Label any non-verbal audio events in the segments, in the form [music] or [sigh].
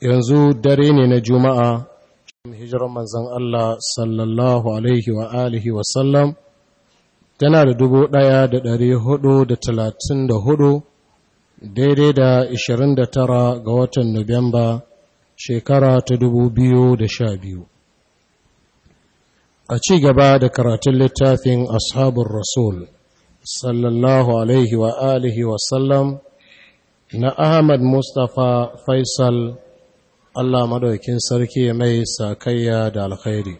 yanzu dare ne na juma'a hijirar manzan Allah sallallahu alaihi wa alihi wasallam tana da dubu ɗaya da ɗari hudu da talatin da hudu daidai da ishirin da tara ga watan nuwamba shekara ta dubu biyu da sha biyu a ci gaba da karatun littafin ashabun rasul sallallahu alaihi wa alihi wasallam na ahmad mustapha faisal Allah madaukin sarki mai sakayya da alkhairi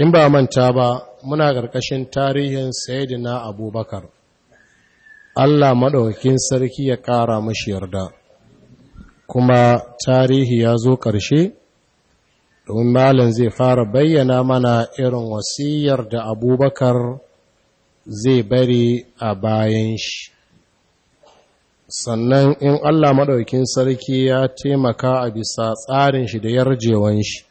in ba manta ba muna ƙarƙashin tarihin sayyidina abubakar Allah maɗaukin sarki ya ƙara mashi yarda kuma tarihi ya zo ƙarshe domin malam zai fara bayyana mana irin wasiyar da abubakar zai bari a bayan shi sannan in Allah maɗaukin sarki ya taimaka a bisa tsarin shi da yarjewan shi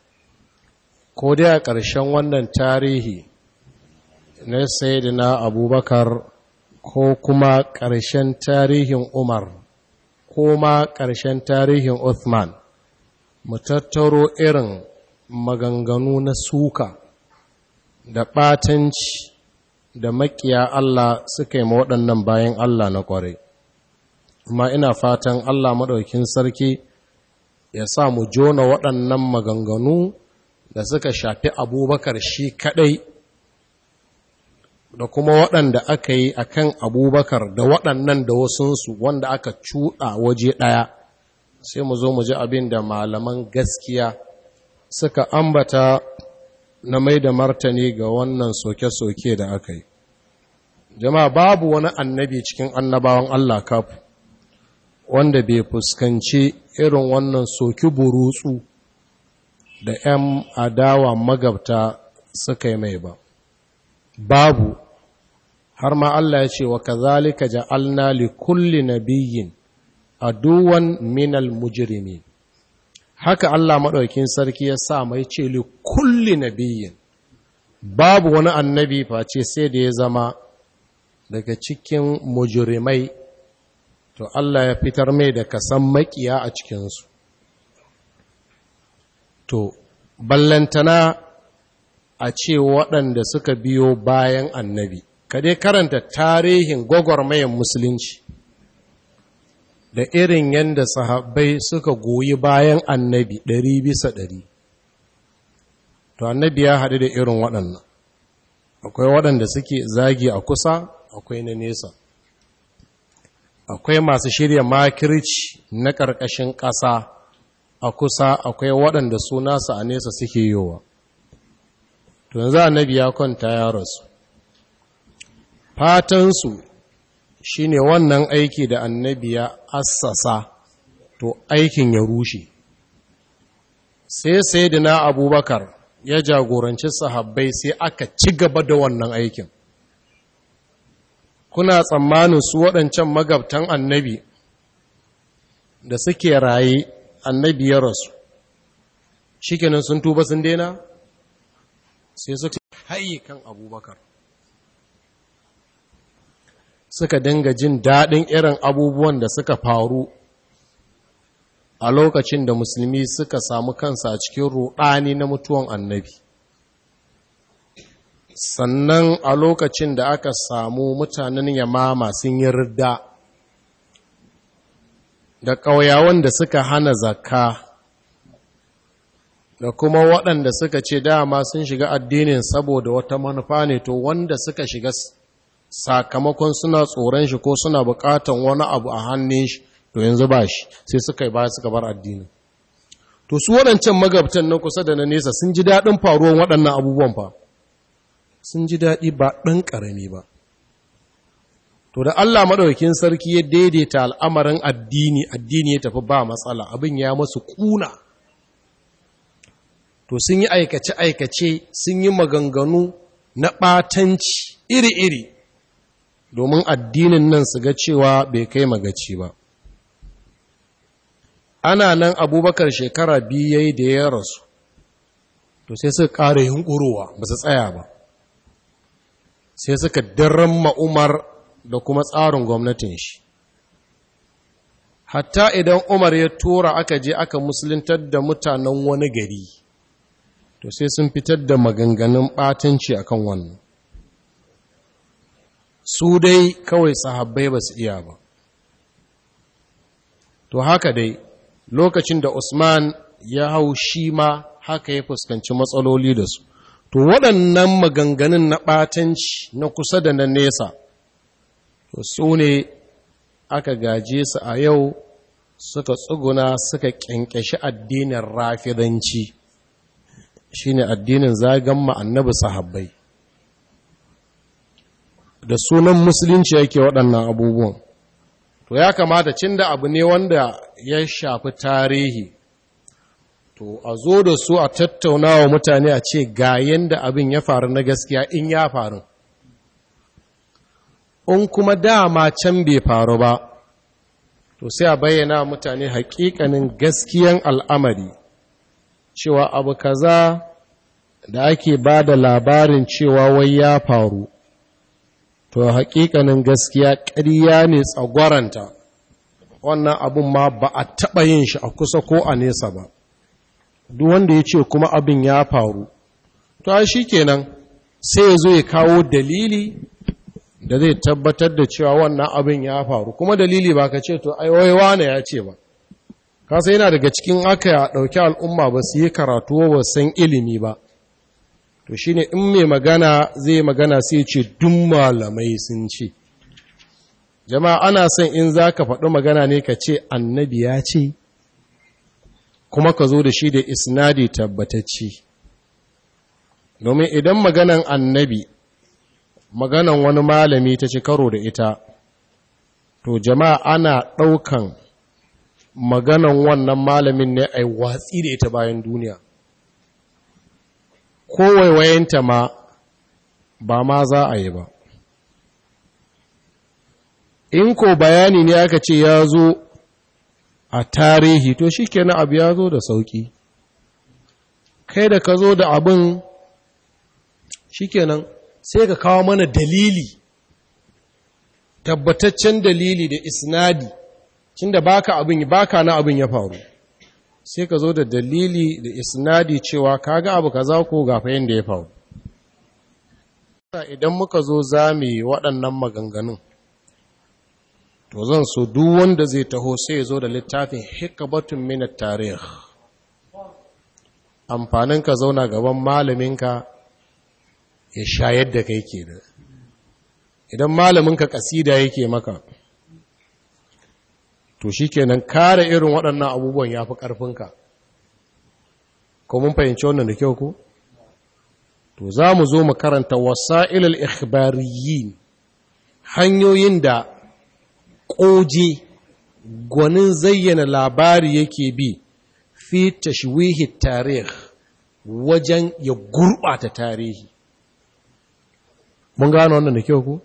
ko dai a ƙarshen wannan tarihi na sayidina abubakar ko kuma ƙarshen tarihin umar ko ma ƙarshen tarihin uthman mu tattaro irin maganganu na suka da ɓatanci da maƙiya Allah suka yi waɗannan bayan Allah na ƙwarai amma ina fatan Allah maɗaukin sarki ya sa mu jona waɗannan maganganu da suka shafi abubakar shi kaɗai da kuma waɗanda aka yi a kan abubakar da waɗannan da wasunsu wanda aka cuɗa waje ɗaya sai mu zo mu ji abin da malaman gaskiya suka ambata na mai da martani ga wannan soke-soke da aka yi jama'a babu wani annabi cikin annabawan Allah kafu wanda bai fuskanci irin wannan soki burutsu da 'yan adawa magabta suka yi mai ba babu har ma Allah ya ce wa kazalika ja'alna li kulli nabiyyin aduwan minal mujrimin haka Allah maɗaukin sarki ya sa mai ce li kulli nabiyyin babu wani annabi face sai da ya zama daga cikin mujrimai to Allah ya fitar mai da kasan maƙiya a cikinsu to ballantana a ce waɗanda suka biyo bayan annabi ka karanta tarihin gwagwarmayan musulunci da irin yadda sahabbai suka goyi bayan annabi ɗari bisa ɗari to annabi ya haɗu da irin waɗannan akwai waɗanda suke zagi a kusa akwai na nesa akwai masu shirya makirci na ƙarƙashin ƙasa a kusa akwai waɗanda su a nesa suke yiwa tun za na biya kwanta ya rasu fatansu shi ne wannan aiki da annabi ya assasa to aikin ya rushe sai sai da na abubakar ya jagoranci sahabbai sai aka ci gaba da wannan aikin kuna tsammanin su waɗancan magabtan annabi da suke raye annabi ya rasu kenan sun tuba sun daina sai suka haye kan abubakar suka dinga jin daɗin irin abubuwan da suka faru a lokacin da musulmi suka samu kansa a cikin ruɗani na mutuwan annabi sannan a lokacin da aka samu mutanen yamama sun yi ridda da ƙauyawan da suka hana zakka da kuma waɗanda suka ce dama sun shiga addinin saboda wata manufa ne to wanda suka shiga sakamakon suna tsoron shi ko suna buƙatan wani abu a hannun shi to yanzu ba shi sai suka yi ba suka bar addinin to su waɗancan magabtan na kusa da na nesa sun ji daɗin faruwan waɗannan abubuwan fa sun ji daɗi ba ɗan ƙarami ba to da Allah maɗaukin sarki ya daidaita al'amarin addini addini ya tafi ba matsala abin ya masu ƙuna. to sun yi aikace-aikace sun yi maganganu na ɓatanci iri-iri domin addinin nan su ga cewa bai kai magaci ba ana nan abubakar shekara biyu yayi da ya rasu to sai suka ƙara yin ƙurowa, ba su tsaya ba sai suka ma Umar da kuma tsarin gwamnatin shi hatta idan umar ya tura aka je aka musuluntar da mutanen wani gari to sai sun fitar da maganganun batanci akan wannan su dai kawai sahabbai ba su iya ba to haka dai lokacin da usman ya hau shi ma haka ya fuskanci matsaloli da su to waɗannan maganganun na ɓatanci na kusa da na nesa to su ne aka gaje su a yau suka tsuguna suka ƙyanƙyashi addinin rafidanci shi ne addinin zagan ma'annabi sahabbai da sunan musulunci yake waɗannan abubuwan to ya kamata cin da abu ne wanda ya shafi tarihi to a zo da su a tattauna wa mutane a ce ga yadda abin ya faru na gaskiya in ya faru in kuma dama can bai faru ba to sai a bayyana mutane hakikanin gaskiyan al'amari cewa abu kaza da ake ba da labarin cewa wai ya faru to hakikanin gaskiya ƙarya ne tsagwaranta wannan abun ma ba a taɓa yin shi a kusa ko a nesa ba duk wanda ya ce kuma abin ya faru to shi kenan sai ya zo ya kawo dalili da zai tabbatar da cewa wannan abin ya faru kuma dalili ba ka ce to ai wai ya ce ba kasa yana daga cikin aka ya ɗauki al'umma ba su yi karatu ba san ilimi ba to shi ne in mai magana zai magana sai ce dun malamai sun ce jama'a ana son in za ka faɗi magana ne ka ce annabi ya ce kuma ka zo da shi da isnadi tabbatacci domin idan maganan annabi maganan wani malami ta ci karo da ita to jama'a ana ɗaukan maganan wannan malamin ne a watsi da ita bayan duniya kowaiwayenta ma ba ma za a yi ba in ko bayani ne aka ce ya zo a tarihi to shi kenan abu ya zo da sauƙi kai da ka zo da abin shi kenan sai ka kawo mana dalili tabbataccen dalili da isnadi ba baka abin baka na abin ya faru sai ka zo da dalili da isnadi cewa ka ga abu kaza ko gafa da ya faru idan muka zo zame waɗannan maganganun to zan so duk wanda zai taho sai ya zo da littafin hikabatun minat tarih amfanin ka zauna gaban malaminka ya shayar da kai ke da idan malaminka kasida yake maka to shi kenan kare irin waɗannan abubuwan ya fi ƙarfinka ko mun fahimci wannan da kyau ko to za mu zo mu karanta wasa'ilal ikhbariyyin hanyoyin da ƙoje gwanin zayyana labari yake bi fi tashwihi tarih wajen ya gurɓata tarihi mun gano wannan da kyau ku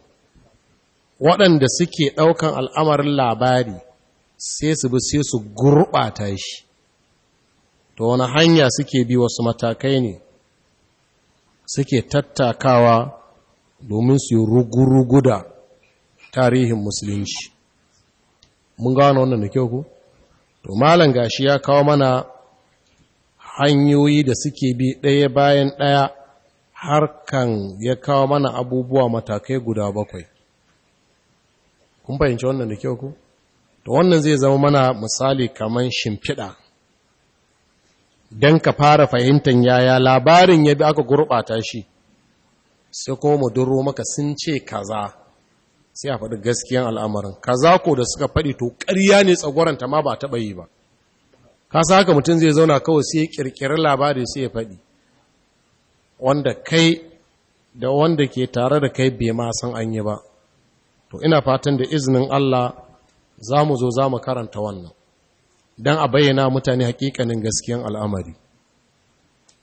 waɗanda suke ɗaukan al'amarin labari sai su bi sai su gurɓata shi to wani hanya suke bi wasu matakai ne suke tattakawa domin su yi rugurugu da tarihin musulunci mun gano wannan da kyau ku to malam gashi ya kawo mana hanyoyi da suke bi ɗaya bayan ɗaya harkan ya kawo mana abubuwa matakai guda bakwai kun fahimci wannan da kyau ku to wannan zai zama mana misali kaman shimfiɗa don ka fara fahimtar yaya labarin ya bi aka gurɓata shi sai kuma mu duro maka sun ce kaza sai a faɗi gaskiyan al'amarin kaza ko da suka faɗi to ƙarya ne tsagwaranta ma ba taɓa yi ba ka sa haka mutum zai zauna kawai sai ya ƙirƙiri labari sai ya faɗi wanda kai da wanda ke tare da kai bai ma san an yi ba to ina fatan da izinin Allah za mu zo za mu karanta wannan don a bayyana mutane haƙiƙanin gaskiyan al'amari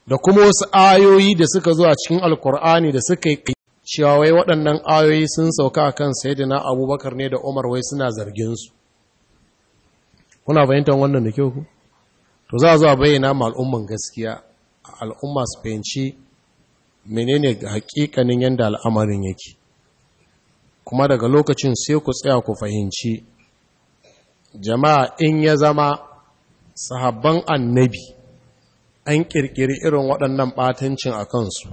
da kuma wasu ayoyi da suka zo a cikin alkur'ani da suka yi cewa wai waɗannan ayoyi sun sauka a kan dina abubakar ne da umar wai suna zarginsu? kuna fahimtar wannan da kyau ku to za a zo a bayyana ma al'umman gaskiya al'umma su fahimci menene hakikanin yadda al'amarin yake kuma daga lokacin sai ku tsaya ku fahimci jama'a in ya zama sahabban annabi an kirkiri irin waɗannan ɓatancin a kansu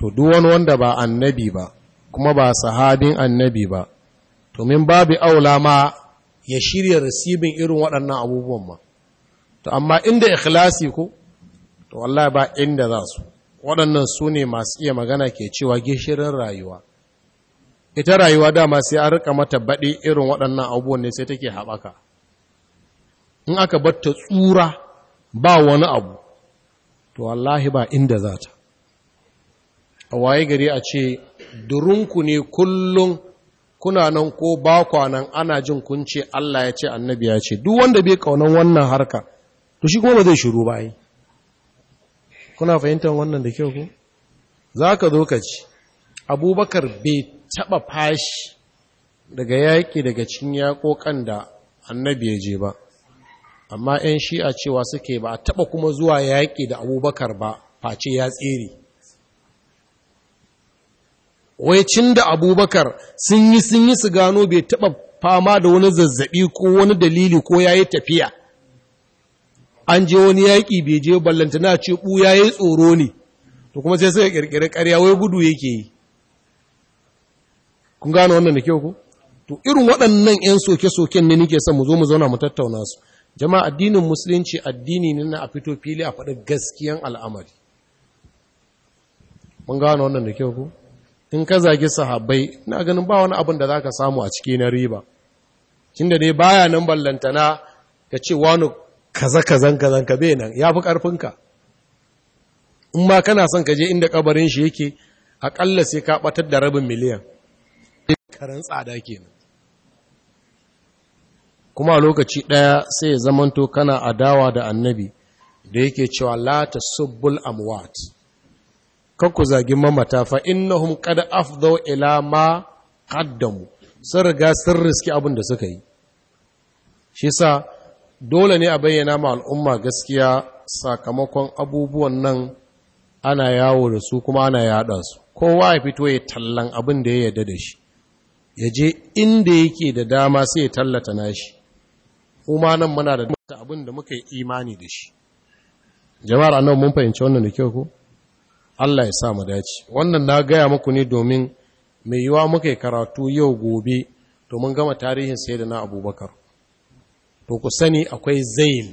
to duk wani wanda ba annabi ba kuma ba sahabin annabi ba to min babu aula ma ya shirya risibin irin waɗannan abubuwan ma to amma inda ikhlasi ko to wallahi ba inda za su waɗannan su ne masu iya magana ke cewa gishirin rayuwa ita rayuwa dama sai an rika mata baɗi irin waɗannan abubuwan ne sai take haɓaka in aka batta tsura ba wani abu to wallahi ba inda za ta a waye gari a ce durunku ne kullum kuna nan ko ba nan ana jin kunce Allah ya ce annabi ya ce duk wanda bai kaunan wannan harka to shi kuma ba zai shiru ba yi kuna fahimtar wannan da kyau ku za ka zo ka ci abubakar bai taɓa fashi daga yaƙi daga cikin yaƙoƙan da annabi ya je ba amma 'yan shi a cewa suke ba a taɓa kuma zuwa yaƙi da abubakar ba face ya tsere wai cin da abubakar sun yi sun yi su gano bai taɓa fama da wani zazzaɓi ko wani dalili ko ya yi tafiya an je wani yaƙi bai je na ce ɓu ya yi tsoro ne to kuma sai suka ƙirƙiri ƙarya wai gudu yake yi kun gano wannan da kyau ku to irin waɗannan 'yan soke-soken ne nike son mu zo mu zauna mu tattauna su jama'a addinin musulunci addini ne na a fito fili a faɗi gaskiyan al'amari mun gano wannan da kyau ku in ka zagi sahabbai ina ganin ba wani abin da za ka samu a ciki na riba kin da dai baya nan ballantana ka ce wani kaza kazan kazanka bai nan ya fi ƙarfinka in ma kana son ka je inda kabarin shi yake aƙalla sai ka ɓatar da rabin miliyan karan tsada nan. kuma lokaci ɗaya sai ya zamanto kana adawa da annabi da yake cewa la subbul amwat kanku zagin mamata fa innahum qad afdau ila ma qaddamu sun riga sun riski abin da suka yi shi sa dole ne a bayyana ma al'umma gaskiya sakamakon abubuwan nan ana yawo da su kuma ana yada su kowa ya fito ya tallan abin da ya yarda da shi ya je inda yake da dama sai ya tallata nashi kuma nan muna da abin da muka yi imani da shi jama'ar nan mun fahimci wannan da kyau ko Allah ya sa mu dace wannan na gaya muku ne domin mai yiwa muka yi karatu yau gobe to mun gama tarihin sayyidina abubakar to ku sani akwai zail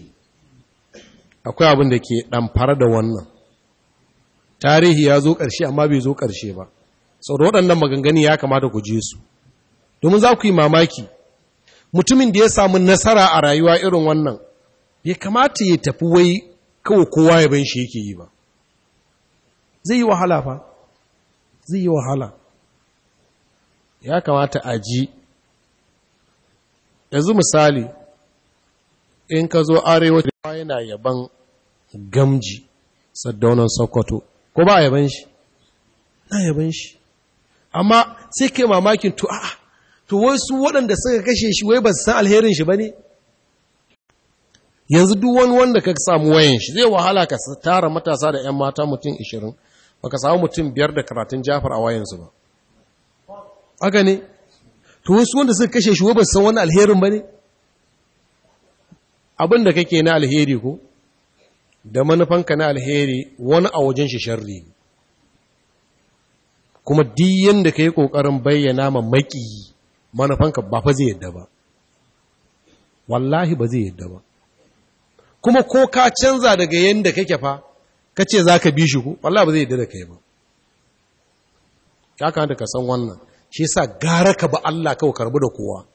akwai abin da ke fara da wannan tarihi ya zo ƙarshe amma bai zo ƙarshe ba sau da waɗannan maganganu ya kamata ku je su domin za ku yi mamaki mutumin da ya samu nasara a rayuwa irin wannan ya kamata ya tafi wai kawai kowa ya ban shi yake yi ba zai yi wahala fa zai yi wahala ya kamata a ji yanzu misali in ka zo arewacin yana yaban gamji saddaunan sokoto ko ba a yaban shi na yaban shi amma sai kai mamakin to a to wai su waɗanda suka kashe shi wai ba su san alherin shi ba ne yanzu duk wani wanda ka samu wayan shi zai wahala ka tara matasa da 'yan mata mutum 20 baka samu mutum biyar da karatun jafar a wayansu ba haka ne to wasu wanda suka kashe shi wabar san wani alherin ba ne abin da kake na alheri ko da manufanka na alheri wani a wajen shi sharri kuma diyan da ka yi ƙoƙarin bayyana ma maƙi manufanka ba fa zai yadda ba wallahi ba zai yadda ba kuma ko ka canza daga yadda kake fa ka ce za ka bi shi ku wallah ba zai yi da kai ba ya kamata ka san wannan shi sa gara ka ba Allah kawo karbi da kowa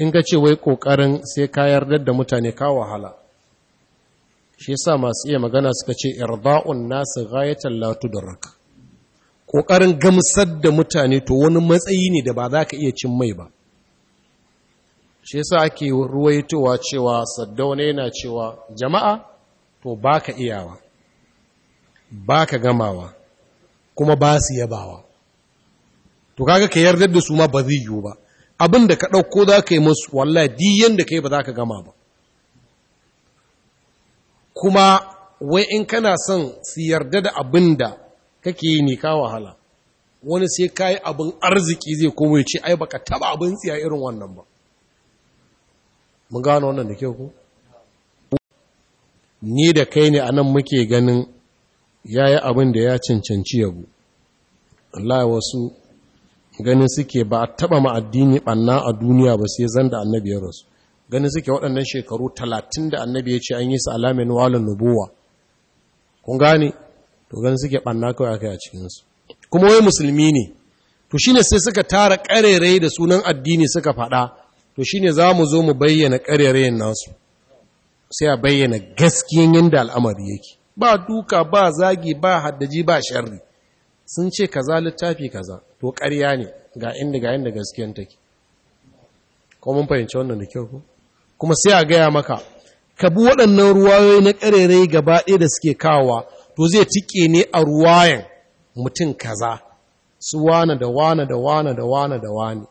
in ka ce wai kokarin sai ka yarda da mutane ka wahala shi sa masu iya magana suka ce irba'un nasu ghayatan da raka. kokarin gamsar da mutane to wani matsayi ne da ba za ka iya cin mai ba shi sa ake ruwaitowa cewa saddaune yana cewa jama'a to ba ka iyawa ba ka gamawa kuma ba su yabawa to kaga ka yardar da su ma ba zai yiwu ba abin da ka ɗauko za ka yi musu wallahi diyan da ka yi ba za ka gama ba kuma wai in kana son su yarda da abin da kake yi ne ka wahala wani sai ka yi abin arziki zai komo ya ce ai baka taba abin tsiya irin wannan ba mun gano wannan da kyau ko ni da kai ne anan muke ganin yayi abin da ya cancanci yabo Allah wasu ganin suke ba a taba ma addini banna a duniya ba sai zanda annabi ya rasu ganin suke waɗannan shekaru 30 da annabi ya ce an yi su alamin walin nubuwa kun gane to ganin suke banna kawai akai a cikin su kuma wai musulmi ne to shine sai suka tara ƙarerai da sunan addini suka faɗa to shine za mu zo mu bayyana ƙarerayen nasu sai a bayyana gaskiyan yadda al'amari yake ba duka ba zagi ba haddaji ba sharri sun ce kaza littafi kaza to ƙarya ne ga inda ga inda gaskiyan take mun fahimci wannan da kyau kuma sai a gaya maka ka bi waɗannan ruwayoyi na ƙarerai gaba ɗaya da suke kawowa to zai tike ne a ruwayan mutum kaza su wane da wane da wane da wane da wane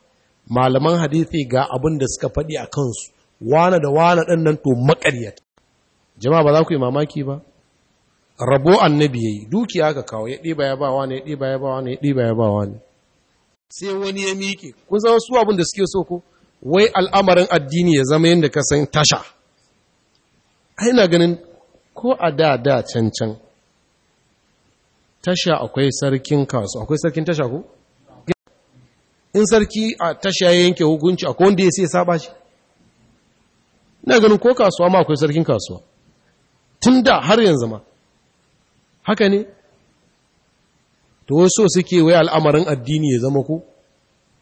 malaman hadithi ga abin da suka faɗi a kansu wane da wane ɗin nan to makaryata jama'a ba za ku yi mamaki ba rabo annabi yayi dukiya ka kawo ya ɗiba ya ba wani ya ɗiba ya ba wani ya ɗiba ya ba wani sai wani ya miƙe kun san su abin da suke so ko wai al'amarin addini ya zama yadda ka san tasha ai na ganin ko a da da can can tasha akwai sarkin kasu akwai sarkin tasha ko in sarki a tasha ya yanke hukunci akwai wanda ya sai saba shi ina ganin ko kasuwa ma akwai sarkin kasuwa tun da har yanzu ma haka ne to so suke wai al'amarin addini ya zama ku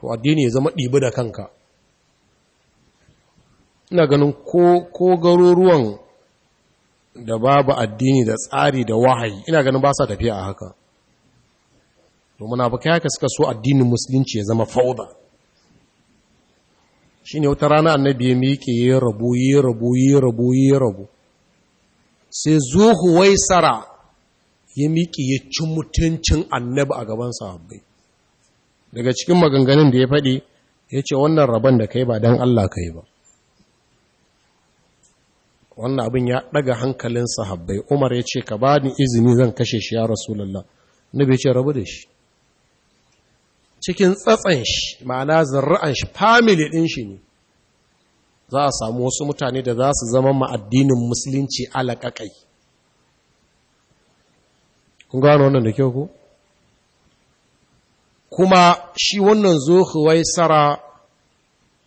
to addini ya zama ɗibi da kanka ina ganin ko garuruwan da babu addini da tsari da wahayi ina ganin ba sa tafiya a haka domin abu kai haka suka so addinin musulunci ya zama fauda ne wata rana annabi ya miƙe ya rabu ya rabu ya rabu ya rabu sai zuhu wai sara, ya miƙe ya ci mutuncin annabi a gaban sahabbai daga cikin maganganun da ya faɗi ya ce wannan rabon da kai ba don Allah kai ba wannan abin ya ɗaga hankalin sahabbai umar ya ce ka ba ni izini zan kashe shi ya rasulallah nabi ya ce rabu da shi cikin tsatsan shi ma'ana zarra'an shi family ɗin shi ne za a samu wasu mutane da za su zama ma addinin musulunci alaƙaƙai kun gano wannan da kyau ku kuma shi wannan huwai sara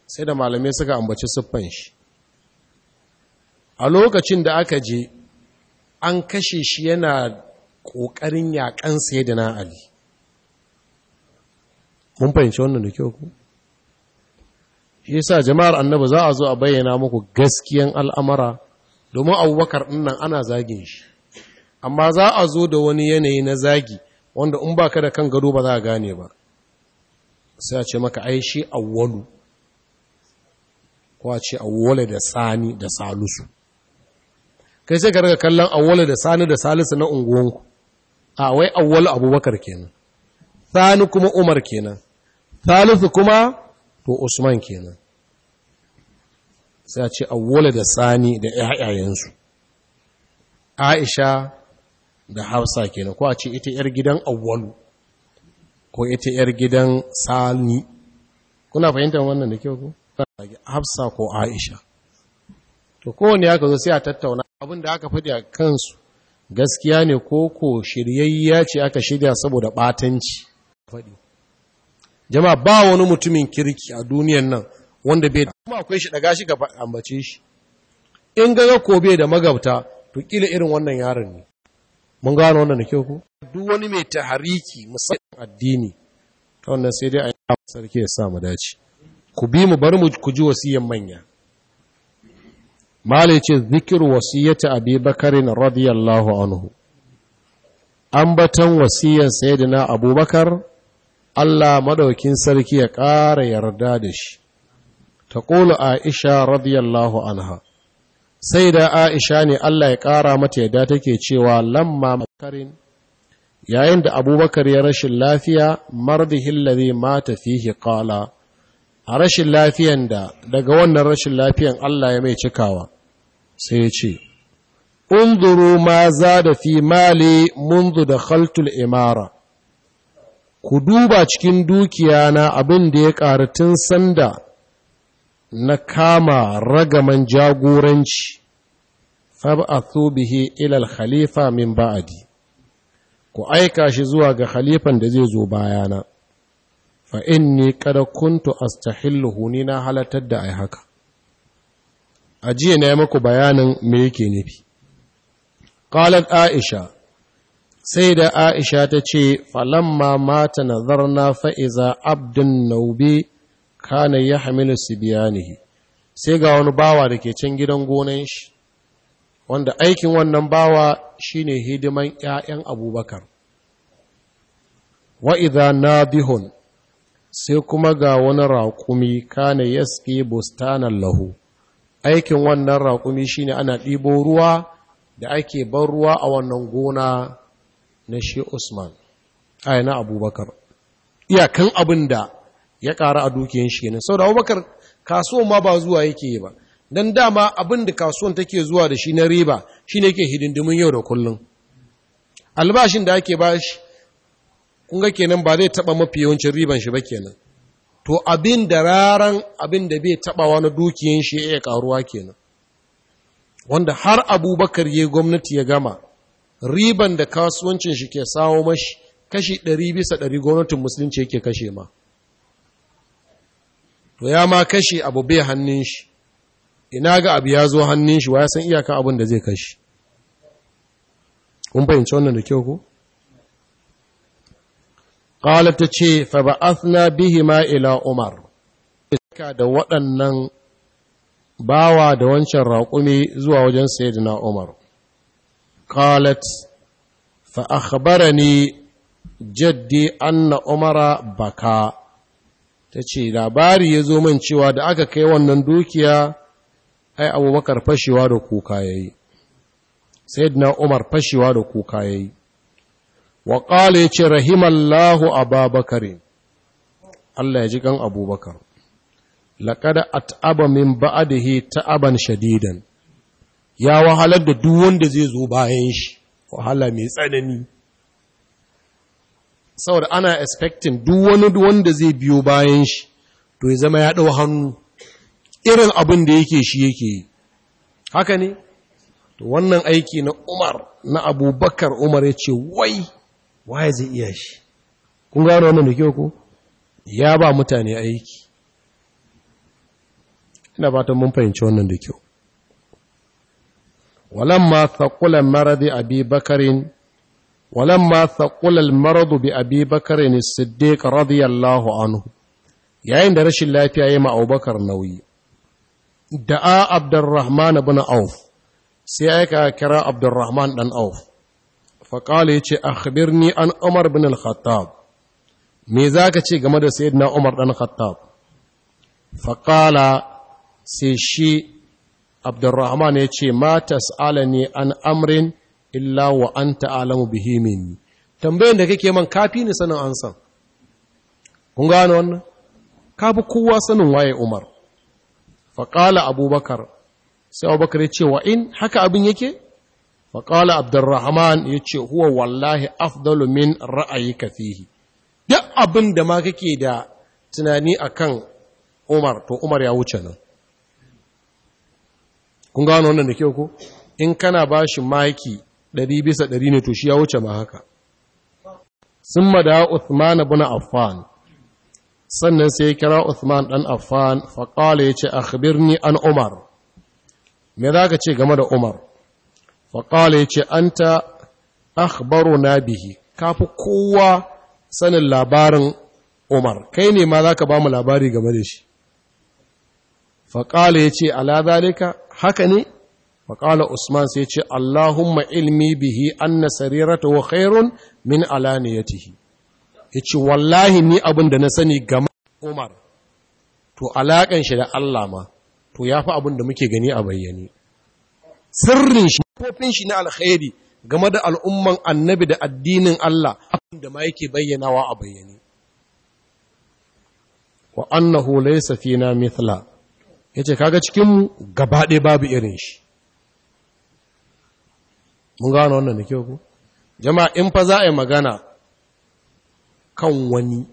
sai da malamai suka ambaci siffan shi a lokacin da aka je an kashe shi yana ƙoƙarin yaƙan sai na ali mun fahimci wannan da kyau ku yasa jama'ar annaba za a zo a bayyana muku gaskiyan al'amara domin abubakar nan ana zagin shi amma za a zo da wani yanayi na zagi wanda in ba ka da kan gado ba za a gane ba sai a ce maka ai shi awwalu ko a ce awwala da sani da salisu kai sai ka daga kallon awwala da sani da salisu na unguwanku a wai awwalu abubakar kenan sani kuma umar kenan thalithu kuma to usman kenan sai a ce awwala da sani da ƴaƴayensu aisha da hafsa kenan ko a ce ita yar gidan awwalu ko ita yar gidan sani kuna fahimtar wannan da kyau ko hafsa ko aisha to kowanne aka zo sai a tattauna abin da aka faɗi a kansu gaskiya ne ko ko shiryayya ce aka shirya saboda ɓatanci fadi jama'a ba wani mutumin kirki a duniyan nan wanda bai kuma akwai shi daga shi gaba ambace shi in gaga kobe kobe da magabta to kila irin wannan yaron ne mun gano wannan da kyau ko duk wani mai tahariki musamman addini ta wannan sai dai a yi sarki ya sa mu dace ku bi mu bari mu ku ji wasiyan manya malai ce zikir wasiyyata abi bakarin radiyallahu anhu batan wasiyan sayyidina abubakar Allah madaukin sarki ya ƙara yarda da shi ta ƙulu aisha radiyallahu anha sai da aisha ne Allah ya ƙara mata yadda take cewa lamma makarin yayin da abubakar ya rashin lafiya mardihin lazi mata fihi hiƙala. a rashin lafiyan da daga wannan rashin lafiyan Allah ya mai cikawa sai ya ce unzuru ma za da fi mali mundu da khaltul imara ku duba cikin dukiya na abin da ya ƙaru tun sanda na kama ragaman jagoranci fab'athu bihi ila al-khalifa min ba'adi. ku aika shi zuwa ga khalifan da zai zo bayana fa inni qad kuntu astahilluhu ni na halatar da ai haka ajiye na yi muku bayanin me yake nufi qalat aisha sai da aisha ta ce falamma mata nazarna fa'iza Abdin naube kana ya hamilu su biya ne sai ga wani bawa da ke can gidan gonan shi wanda aikin wannan bawa shine hidiman ‘ya'yan abubakar wa'iza na bihun sai kuma ga wani raƙumi kana yaske bustanan lahu aikin wannan raƙumi shine ana ɗibo ruwa da ake ban ruwa a wannan gona na shi Usman ai na Abubakar iyakan abin da ya ƙara a dukiyan shi Sau da Abubakar kasuwan ma ba zuwa yake yi ba dan dama abin da kasuwan take zuwa da shi na riba shine ke hidindimin yau da kullum albashin da ake bashi kun ga kenan ba zai taba mafi yawancin riban shi ba kenan to abin da raran abin da bai tabawa wani dukiyan shi ya karuwa kenan wanda har abubakar ya gwamnati ya gama riban da kasuwancin shi ke sawo mashi kashi ɗari bisa gwamnatin musulunci yake kashe ma to ya ma kashe abu bai hannun shi ina ga abu ya zo hannun shi wa ya san iyaka abin da zai kashe kun fahimci wannan da kyau ko qalat ta ce fa ba'athna ma ila umar ka da waɗannan bawa da wancan raƙumi zuwa wajen sayyidina umar قالت فأخبرني جدي أن عمر بكى تشي labari ya zo min cewa da aka kai wannan dukiya ai abubakar fashewa da kuka yayi sayyidina umar fashewa da kuka yayi wa qala yace rahimallahu ababakari Allah ya ji kan abubakar laqad at'aba min ba'dihi ta'aban shadidan ya wahalar da duk wanda zai zo bayan shi wahala mai tsanani saboda ana expecting duk wani wanda zai biyo bayan shi to ya zama ya ɗau hannu irin abin da yake shi yake yi haka ne to wannan aiki na umar na abubakar umar ya ce wai waye zai iya shi kun gano wannan da kyau ko ya ba mutane aiki ina fatan mun fahimci wannan da kyau ولما ثقل مرض أبي بكر ولما ثقل المرض بأبي بكر الصديق رضي yayin da rashin lafiya ya ma'aubakar nauyi da a abdurrahman bin auf sai aika kira abdurrahman dan auf faƙali ya ce akhbirni an umar bin al-khattab me za ka ce game da sayyidina umar dan khattab faƙala sai shi abdurrahman ya ce ma ne an amrin illa wa anta alamu bihimini minni da kake man kafi ni sanin an san kun gano wannan kafi kowa sanin waye umar faƙala abubakar sai abubakar ya ce wa in haka abin yake faƙala abdurrahman ya ce huwa wallahi afdalu min ra'ayi kafihi duk abin da ma kake da tunani akan umar to umar ya wuce nan kun gano wannan da kyau ko in kana ba shi maki ɗari bisa ɗari ne to shi ya wuce ma haka sun madawa Uthman ibn Affan sannan sai ya kira Uthman dan Affan faƙala ya ce akhbirni an Umar me za ka ce game da Umar faƙala ya ce anta na bihi kafi kowa sanin labarin Umar kai ne ma za ka ba mu labari game da shi faƙala ya ce ala zalika haka ne Maƙala Usman sai ce, Allahumma ilmi bihi anna sarirata wa khairun min alaniyatihi. Ya ce, Wallahi ni abin da na sani game Umar, to alaƙan shi da Allah ma, to ya fi abin da muke gani a bayyane. Sirrin shi, kofin shi na alkhairi game da al'umman annabi da addinin Allah, abin da ma yake bayyanawa a bayyane. Wa annahu laysa fina mithla ya ce kaga cikinmu gabaɗe babu irin shi mun gano wannan da kyau ku jama'a in fa za a yi magana kan wani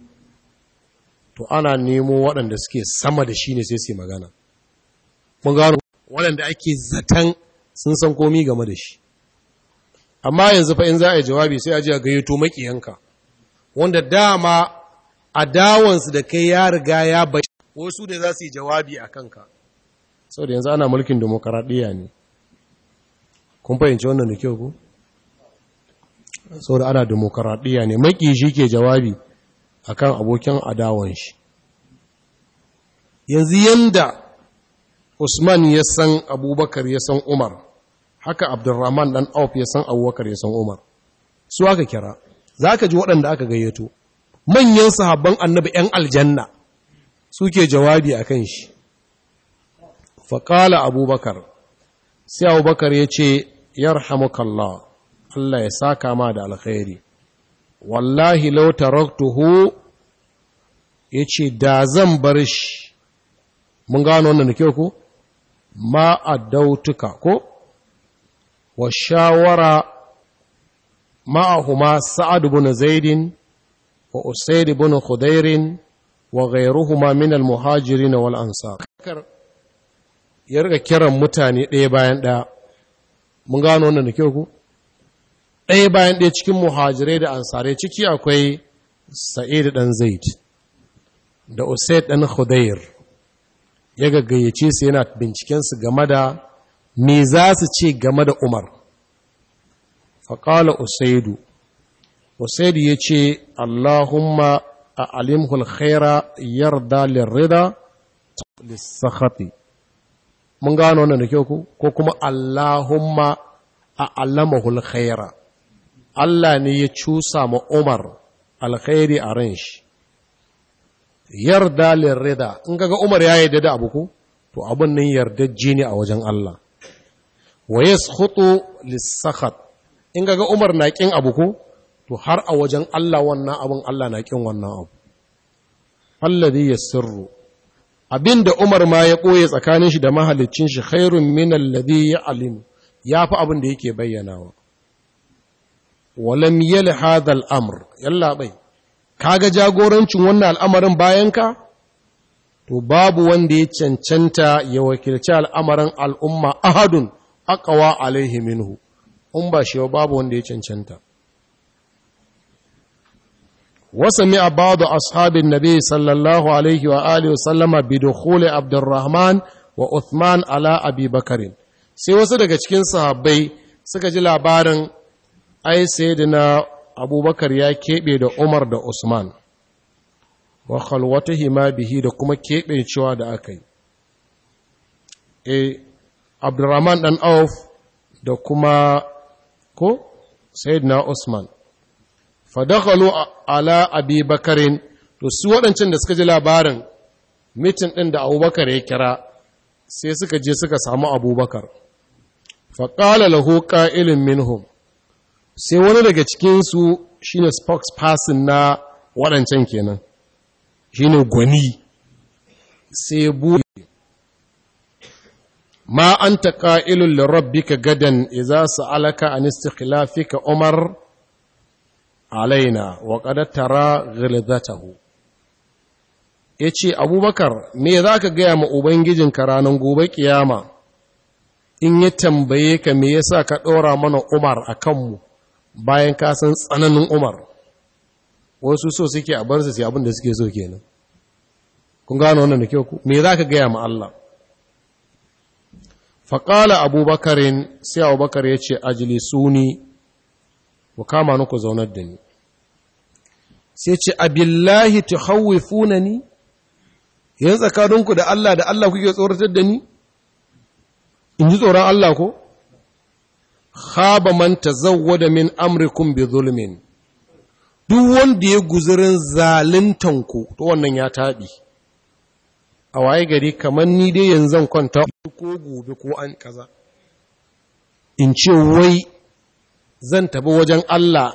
to ana nemo waɗanda suke sama da shi ne sai su magana mun gano waɗanda ake zaton sun san komi game da shi amma yanzu fa in za a yi jawabi sai a ji a gayyato makiyanka wanda dama adawansu da kai ya riga ya bai wasu da za su yi jawabi a kanka sau da yanzu ana mulkin demokaradiyya ne kun fahimci wannan da kyau ku? sau da ana demokaradiyya ne maki shi ke jawabi a kan abokin adawan shi yanzu yanda usman ya san abubakar ya san umar haka abdurrahman dan auf ya san abubakar ya san umar su aka kira za ka ji waɗanda aka gayyato manyan sahabban annabi 'yan aljanna suke jawabi a kan shi faƙala abubakar sai abubakar ya ce yarhamukallah Allah ya saka ma da alkhairi wallahi law ya ce da zan bar shi mun gano wannan da kyau ko ma dautuka ko wa shawara ma'ahuma sa'ad bin Zaidin, wa usayd bin khudairin wa ghairuhuma min al-muhajirin wal ya riga kiran mutane ɗaya bayan ɗaya mun gano wannan da kyau ku ɗaya bayan ɗaya cikin muhajirai da ansarai ciki akwai sa'id ɗan zaid da usaid ɗan khudair ya gaggayyace su yana binciken su game da me za su ce game da umar faƙala usaidu usaidu ya ce allahumma أعلمه الخير يرضى للرضا للسخط mun gano wannan da kyau ko kuma Allahumma a'lamahu alkhaira Allah ne ya cusa ma Umar alkhairi a ran shi yarda lirrida in kaga Umar ya yarda da abu ku to abun nan yarda jini a wajen Allah wa yaskhutu lisakhat in kaga Umar na kin a buku. to har a wajen Allah wannan abin Allah na ƙin wannan abu ya yasirru abinda Umar ma ya ɓoye tsakanin shi da mahalicin shi khairun min alladhi ya yafi abin da yake bayyanawa walam yal yali al-amr yalla bai ga jagorancin wannan al'amarin bayan ka to babu wanda ya cancanta ya wakilci al'amarin al'umma ahadun aqwa alaihi minhu in ba shi babu wanda ya cancanta وسمع بعض أصحاب النبي صلى الله wa وآله وسلم بدخول عبد الرحمن وعثمان على أبي بكر sai wasu daga cikin sahabbai suka ji labarin ai sayyidina abubakar ya keɓe da umar da usman wa khalwatihima bihi da kuma keɓe cewa da aka yi e abdurrahman ɗan auf da kuma ko sayyidina usman fadakalo ala abi bakarin to su waɗancan da suka ji labarin mitin ɗin da abubakar ya kira sai suka je suka samu abubakar faƙala lahu ƙa'ilin minhum sai wani daga cikinsu shi ne spokesperson na waɗancan kenan shi ne gwani sai buɗe ma an ta ƙa'ilun gadon gadan iza su alaka a fi ka umar alaina wa qad tara Ya yace abubakar me zaka gaya ma ubangijinka ranar gobe kiyama in ya tambaye ka me yasa ka ɗora mana Umar a kanmu bayan ka san tsananin Umar wasu so suke a bar su sai abin da suke so kenan kun gano wannan da kyau ku me ka gaya ma Allah faƙala abubakarin sai abubakar yace suni. Wa kama ni ku zaunar da ni sai ce abillahi funa ni yanzu tsakaninku da Allah da Allah kuke tsoratar da ni in ji tsoron Allah ko khaba man tazawwada min amurkun bi zulmin duk wanda ya guzurin zaluntan ku to wannan ya taɓi. a waye gari kamar ni dai yanzu kwanta ko gobe ko an kaza in ce wai zan tabi wajen Allah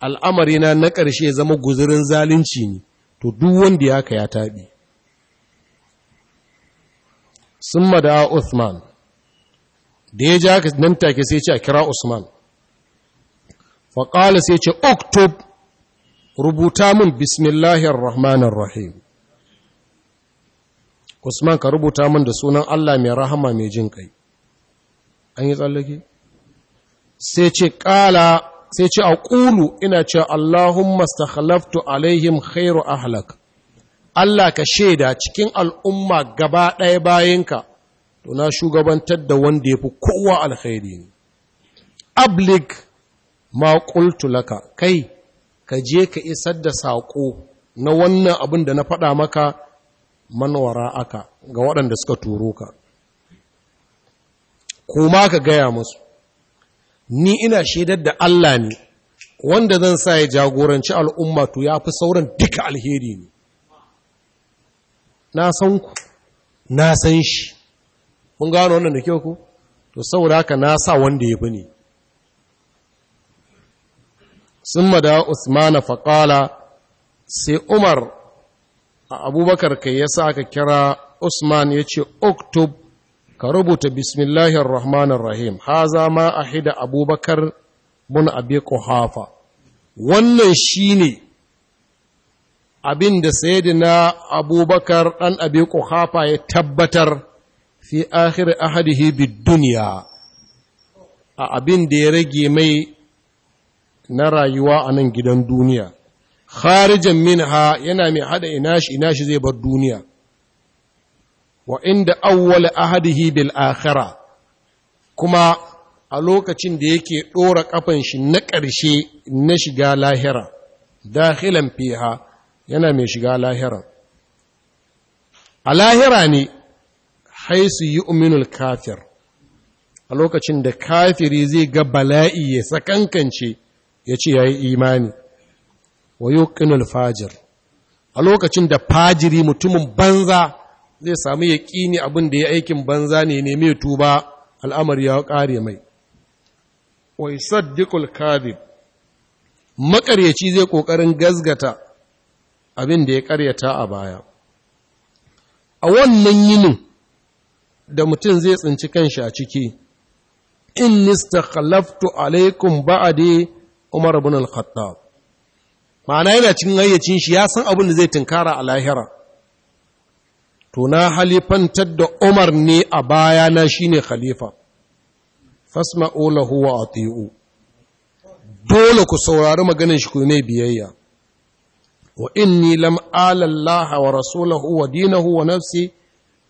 al'amarina na ƙarshe zama guzurin zalunci ne to duk wanda ya ka ya taɓi sun madawa Uthman da ya ja ka nan take sai ce a kira Usman faƙala sai ce oktob rubuta min bismillahir rahmanir rahim Usman ka rubuta min da sunan Allah mai rahama mai jin kai an yi tsallake? sai ce ƙala sai ce a ƙulu ina ce Allahumma stakhlaftu alaihim khairu ahlak Allah ka shaida cikin al'umma gaba ɗaya bayanka to na shugabantar da wanda ya fi kowa alkhairi ne ablig ma ƙultu laka kai ka je ka isar da saƙo na wannan abin da na faɗa maka manwara aka ga waɗanda suka turo ka kuma ka gaya musu ni ina shaidar da Allah ne wanda zan sa ya jagoranci al'umma to ya fi sauran duka alheri ne na san ku na san shi mun gano wannan da kyau ku to saboda haka na sa wanda ya ne sun mada usmana faƙala sai umar a abubakar kai ya sa aka kira usman ya ce oktub ka rubuta bismillahir rahmanir rahim haza ma ahida abubakar bin abi quhafa wannan shine abinda da sayyidina abubakar dan abi quhafa ya tabbatar fi akhir ahadihi bid dunya a abin da ya rage mai na rayuwa a nan gidan duniya kharijan minha yana mai hada ina shi zai bar duniya wa inda awwal ahadihi bil akhirah kuma a lokacin da yake ɗora ƙafan shi na ƙarshe na shiga lahira dakhilan fiha yana mai shiga lahira a lahira ne haisu yu'minul kafir a lokacin da kafiri zai ga bala'i ya sakankance ya ce yayi imani wa yuqinul fajir a lokacin da fajiri mutumin banza zai samu ya ƙini abin da ya aikin banza ne ne mai tuba al'amari ya ƙare mai wai saddikul kadib makaryaci zai ƙoƙarin gazgata abin da ya ƙaryata a baya a wannan yinin da mutum zai tsinci kanshi a ciki in nistakhlaftu alaikum ba'adi umar ibn al ma'ana yana cikin hayyacin shi ya san abin da zai tunkara a lahira to na halifantar da Umar ne a baya na shine khalifa ola huwa a ati'u dole ku saurari maganin shi ku ne biyayya wa inni lam ala wa rasulahu wa dinahu wa nafsi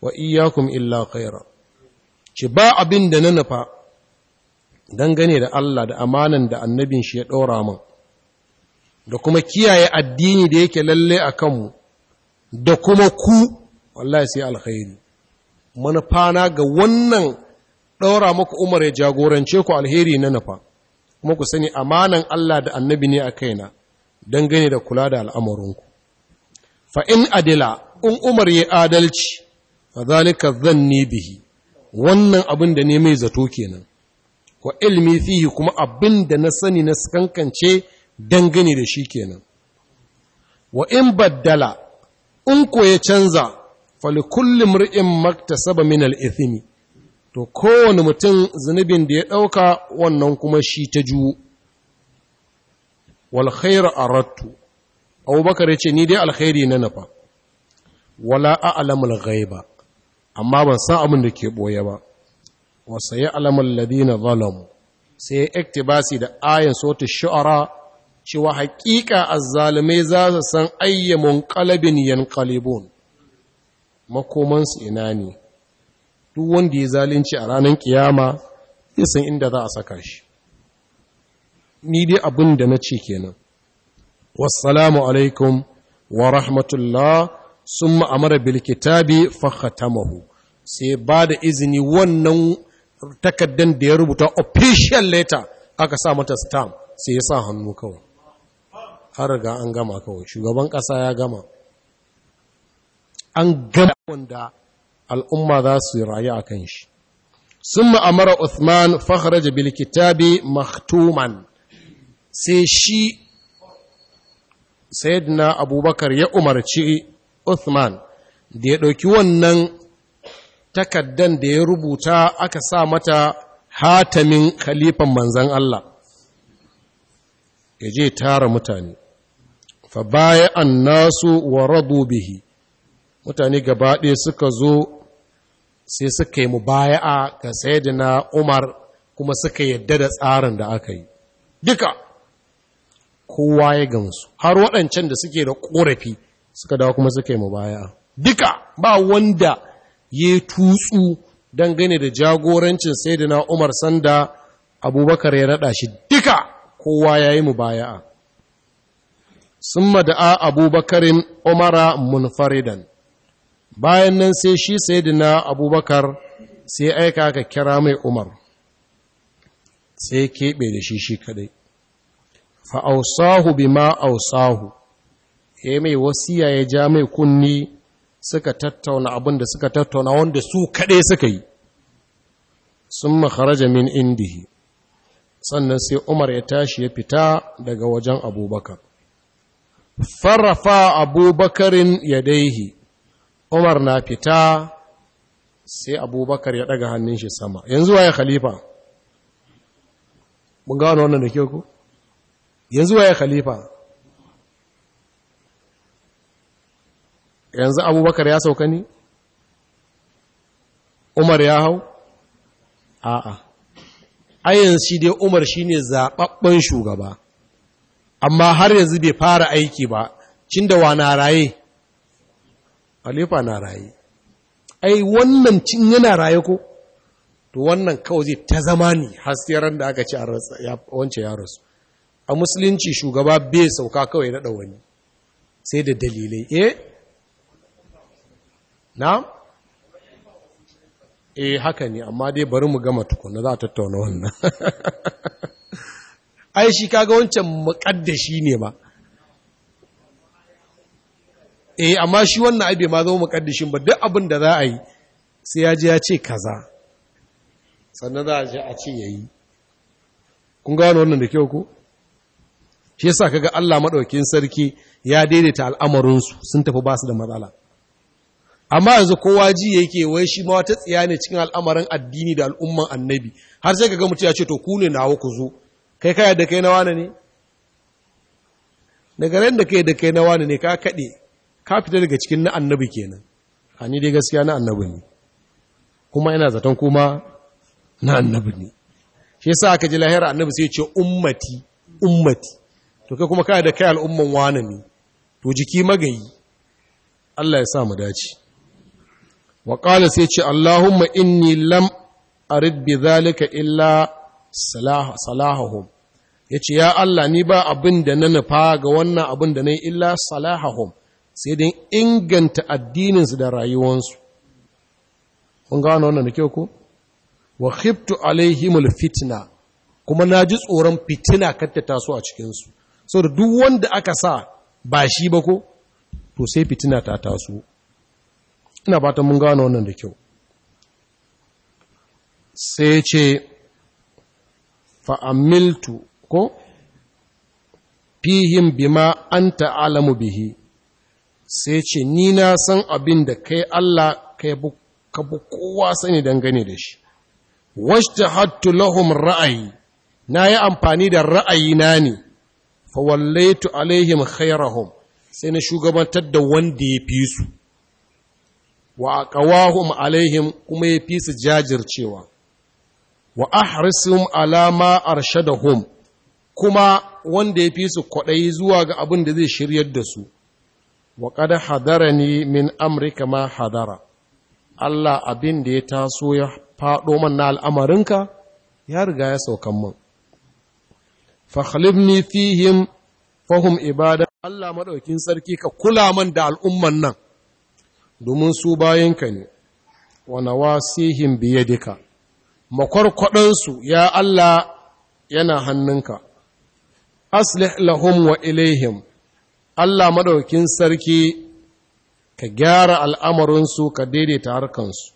wa iyyakum illa khaira ci ba abin da na nufa dangane da Allah da amanan da annabin shi ya ɗora min da kuma kiyaye addini da yake lalle a kanmu da kuma ku wallahi sai alkhairi na ga wannan ɗaura muku umar ya jagorance ku alheri na nufa kuma ku sani amanan Allah da annabi ne a kaina dangane da kula da al'amurinku fa in adila in umar ya adalci a zalika ne bihi wannan abin da ne mai zato kenan wa ilmi fihi kuma abin da na sani na kankance dangane da shi kenan wa in baddala in ko ya canza fali kullum ri'in maktasaba minal al'ithimi to kowane mutum zunubin da ya ɗauka wannan kuma shi ta juwo wal khairu arattu abubakar ya ce ni dai alkhairi na nafa wala a'lamul ghaiba amma ban san abin da ke ɓoye ba wa sayalamul ladina zalamu sai Ektibasi da ayan sota shu'ara cewa haƙiƙa azzalumai za su san ayyamun qalbin yankalibun? makomansu ina ne duk wanda ya zalunci a ranar kiyama ya inda za a saka shi ni dai abin da na ce kenan wassalamu alaikum wa rahmatullah sun ma'amara bilkitabi mahu sai ba da izini wannan takaddan da ya rubuta official letter aka sa mata stamp sai ya sa hannu kawai har ga an gama kawai shugaban ƙasa ya gama an gada wanda al'umma za su rayu a kan shi sun ma'amara Uthman fakharaja bil kitabi maktuman sai shi sayyidina abubakar ya umarci Uthman da ya ɗauki wannan takaddan da ya rubuta aka sa mata hatamin khalifan manzan Allah ya je tara mutane fa baya an nasu wa radu bihi mutane gaba ɗaya suka zo sai suka yi mubaya'a ga sayyidina Umar kuma suka yadda da tsarin da aka yi duka kowa ya gamsu har waɗancan da suke da ƙorafi suka dawo kuma suka yi mubaya'a duka ba wanda ya yi tutsu dangane da jagorancin sayyidina Umar sanda Abubakar ya naɗa shi duka kowa ya yi mubaya'a sun mada'a abubakarin umara munfaridan bayan nan sai shi sayyidina abubakar sai aika ka kira mai umar sai keɓe da shi shi kaɗai fa'ausahu bima ausahu ya yi mai wasiya ya ja mai kunni suka tattauna abin da suka tattauna wanda su kaɗai suka yi sun makaraja min indihi sannan sai umar ya tashi ya fita daga wajen abubakar farrafa abubakarin ya daihi umar na fita sai abubakar ya daga hannun shi sama yanzu waye khalifa mun gano wannan da ke ku yanzu waye khalifa yanzu abubakar ya sauka ne umar ya hau a'a ayin shi dai umar shi ne zaɓaɓɓen shugaba amma har yanzu bai fara aiki ba cin da wana raye halifa na raye ai wannan cin yana raye ko to wannan kawai zai ta zama ne hasiyar da aka ci a wance ya rasu a musulunci shugaba bai sauka kawai na wani sai da dalilai eh na eh haka ne amma dai bari mu gama tukuna za a tattauna wannan [laughs] ai shi kaga wancan makaddashi ne ba eh amma shi wannan ai ma zama mukaddishin ba duk abin da za a yi sai ya ji ya ce kaza sannan za a je a ce yayi kun gano wannan da kyau ko shi yasa kaga Allah madaukakin sarki ya daidaita al'amarin su sun tafi ba su da matsala amma yanzu kowa ji yake wai shi ma wata tsiya ne cikin al'amarin addini da al'umman annabi har sai kaga mutum ya ce to ku ne nawa ku zo kai kaya da kai na wane ne daga ran da kai da kai na wane ne ka kade ka fita daga cikin na annabi kenan a ni dai gaskiya na annabi ne kuma yana zaton kuma na annabi ne shi yasa aka ji lahira annabi sai ce ummati ummati to kai kuma kai da kai al'umman wani ne to jiki magayi Allah ya sa mu dace wa qala sai ce Allahumma inni lam arid bi zalika illa salah salahahum yace ya Allah ni ba abin da na nufa ga wannan abin da nayi illa salahum sai dai inganta addininsu da rayuwansu kun gano wannan da kyau ko wa khiftu alaihimul fitina kuma na ji tsoron fitina katta taso a cikinsu sau da duk wanda aka sa ba shi ba ko to sai fitina ta taso ina ta mun gano wannan da kyau sai ce fa'amiltu ko fihim bima an ta'alamu bihi sai ce ni na san abin da kai Allah ka bi kowa sani dangane da shi washta hattu lahum ra'ayi na yi amfani da ra'ayi na ne fa alaihim khairahum sai na shugabantar da wanda ya fi su wa aqawahum alaihim kuma ya fi su jajircewa wa ahrisum alama arshadahum kuma wanda ya fi su kwaɗayi zuwa ga abin da zai shiryar da su wa kada hadarani min amrika ma hadara Allah abin da ya taso ya faɗo man na al'amarinka ya riga ya saukan man fakhlibni fihim fahum ibada Allah maɗaukin sarki ka kula man da al'umman nan domin su bayanka ne wa dika? biyadika makwarkwadansu ya Allah yana hannunka aslih lahum wa ilaihim Allah madaukin sarki ka gyara al'amarinsu ka daidaita harkansu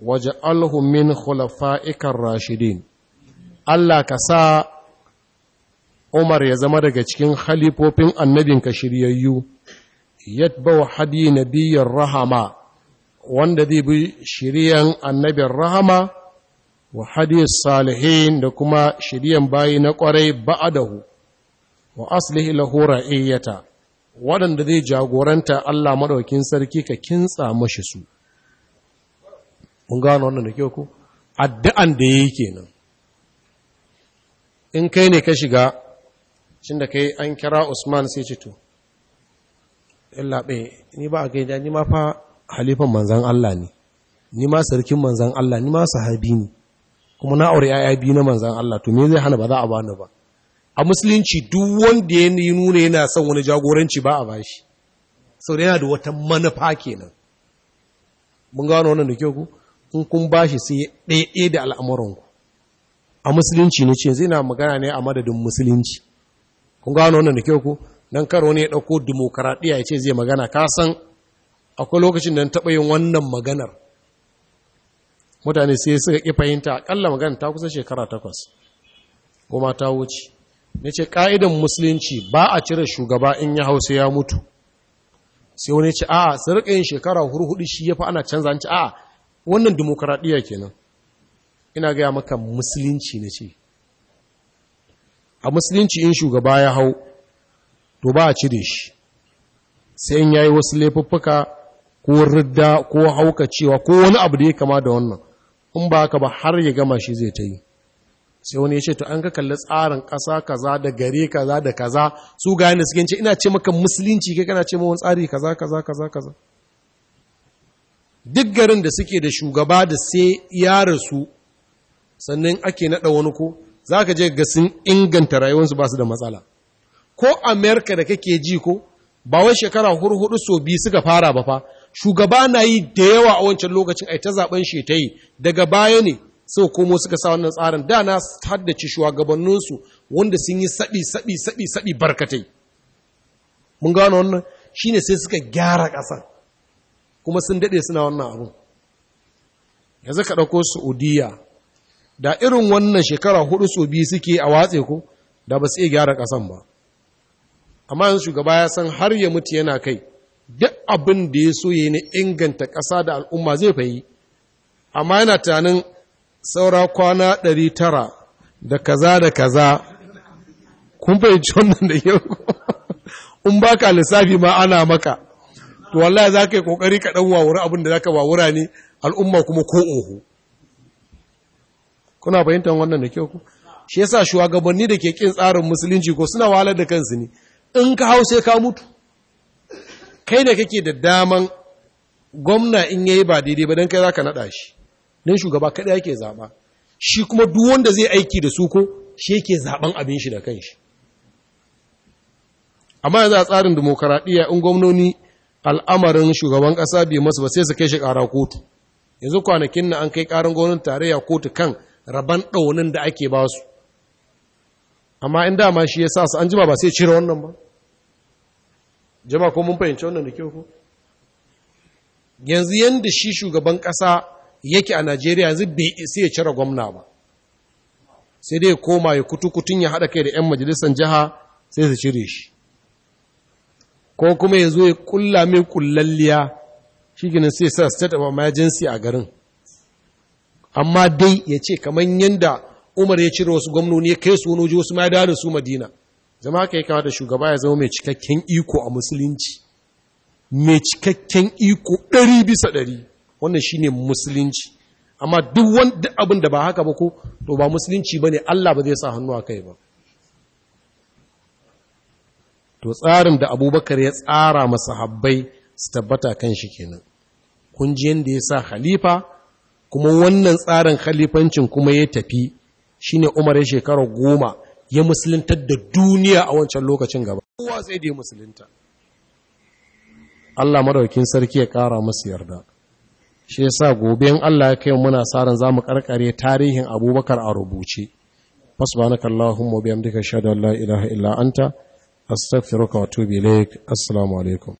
waje alhumin khulafa'ikan rashidin Allah ka sa Umar ya zama daga cikin halifofin annabinka shiryayyu ba wa hadi biyan rahama wanda zai bi shiryan annabin rahama wa hadi salihin da kuma shiryan bayi na kwarai ba'adahu wa aslihi lahu ra'iyata waɗanda zai jagoranta Allah maɗaukin sarki ka kintsa mashi su mun gano wannan da ke ko addu'an da yayi kenan in kai ne ka shiga shin da kai an kira Usman sai ce to illa ni ba a ni ma fa halifan manzan Allah ne ni ma sarkin manzan Allah ni ma sahabi ne kuma na aure yaya biyu na manzan Allah to me zai hana ba za a bani ba a musulunci duk wanda ya nuna yana son wani jagoranci ba a bashi sau da yana da wata manufa kenan mun gano wannan da kyau ku in kun bashi sai ɗaya da al'amuranku a musulunci ne ce zai na magana ne a madadin musulunci kun gano wannan da kyau ku don karo ne ya ɗauko dimokuraɗiyya ya ce zai magana ka san akwai lokacin da taɓa yin wannan maganar mutane sai suka ƙi fahimta aƙalla magana ta kusa shekara takwas kuma ta wuce ne ce ƙa'idan musulunci ba a cire shugaba in ya hausa ya mutu sai wani ce a su yin shekara hurhudu shi ya fi ana canza ce a wannan ke kenan ina gaya maka musulunci na ce a musulunci in shugaba ya hau to ba a cire shi sai in yayi wasu laifuffuka ko ridda ko haukacewa ko wani abu da ya kama da wannan in ba haka ba har ya gama shi zai ta yi sai wani ya ce to an ka kalli tsarin ƙasa kaza da gare kaza da kaza su gane su ce ina ce maka musulunci kai kana ce mawan tsari kaza kaza kaza kaza duk garin da suke da shugaba da sai ya rasu sannan ake naɗa wani ko za ka je ga sun inganta rayuwarsu ba su da matsala ko amerika da kake ji ko ba wai shekara hurhudu so biyu suka fara ba fa shugaba na yi da yawa a wancan lokacin ai ta zaben shi ta yi daga baya ne sau komo suka sa wannan tsarin da na haddace shugabanninsu wanda sun yi saɓi saɓi saɓi saɓi barkatai mun gano wannan shine sai suka gyara ƙasa kuma sun daɗe suna wannan abu yanzu ka ɗauko saudiya da irin wannan shekara hudu so biyu suke a watse ko da ba su iya gyara ƙasan ba amma yanzu shugaba ya san har ya mutu yana kai duk abin da ya so yi na inganta ƙasa da al'umma zai fayi amma yana tunanin saura kwana ɗari tara da kaza da kaza kun fahimci wannan da yau [laughs] in ba ka lissafi ma ana maka to wallahi za ka yi ƙoƙari ka ɗan wuri abin da za ka wawura ne al'umma kuma ko oho kuna fahimtar wannan da kyau ku shi yasa shugabanni da ke kin tsarin musulunci ko suna wahalar da kansu ne in ka hau sai ka mutu kai da kake da daman gwamna in yayi ba daidai ba dan kai za ka naɗa shi don shugaba kaɗai yake zaɓa shi kuma duwanda zai aiki da suko ko shi yake zaɓen abin shi da kanshi amma yanzu a tsarin demokaradiyya in gwamnoni al'amarin shugaban ƙasa bai masu ba sai su kai shi ƙara kotu yanzu kwanakin na an kai ƙarin gwamnan tarayya kotu kan raban ɗaunin da ake ba su amma in dama shi ya sa su an jima ba sai cire wannan ba jama ko mun fahimci wannan da kyau ko yanzu yanda shi shugaban ƙasa yake a Najeriya yanzu bai isi ya cire gwamna ba sai dai koma ya kutukutun ya haɗa kai da 'yan majalisar jiha sai su cire shi ko kuma ya zo ya kulla mai kullalliya shi ginin sai sa state of emergency a garin amma dai ya ce kamar yadda umar ya cire wasu gwamnoni ya kai su wani wasu ma da su madina zama ka yi kamata shugaba ya zama mai cikakken iko a musulunci mai cikakken iko ɗari bisa ɗari wannan shi ne musulunci amma duk wanda abin da ba haka ba ko to ba musulunci ba ne, Allah ba zai sa hannu a kai ba to tsarin da Abubakar ya tsara masahabbai su tabbata kan shi kenan kun ji yanda ya sa khalifa kuma wannan tsarin khalifancin kuma ya tafi shi ne Umar ya shekara goma ya musuluntar da duniya a wancan lokacin gaba kowa sai da ya musulunta Allah maraukin sarki ya kara masu yarda shi yasa gobe in Allah ya kai muna za zamu karkare tarihin Abubakar a rubuce fasubhanakallahumma wa bihamdika ashhadu an la ilaha illa anta astaghfiruka wa atubu ilaik assalamu alaikum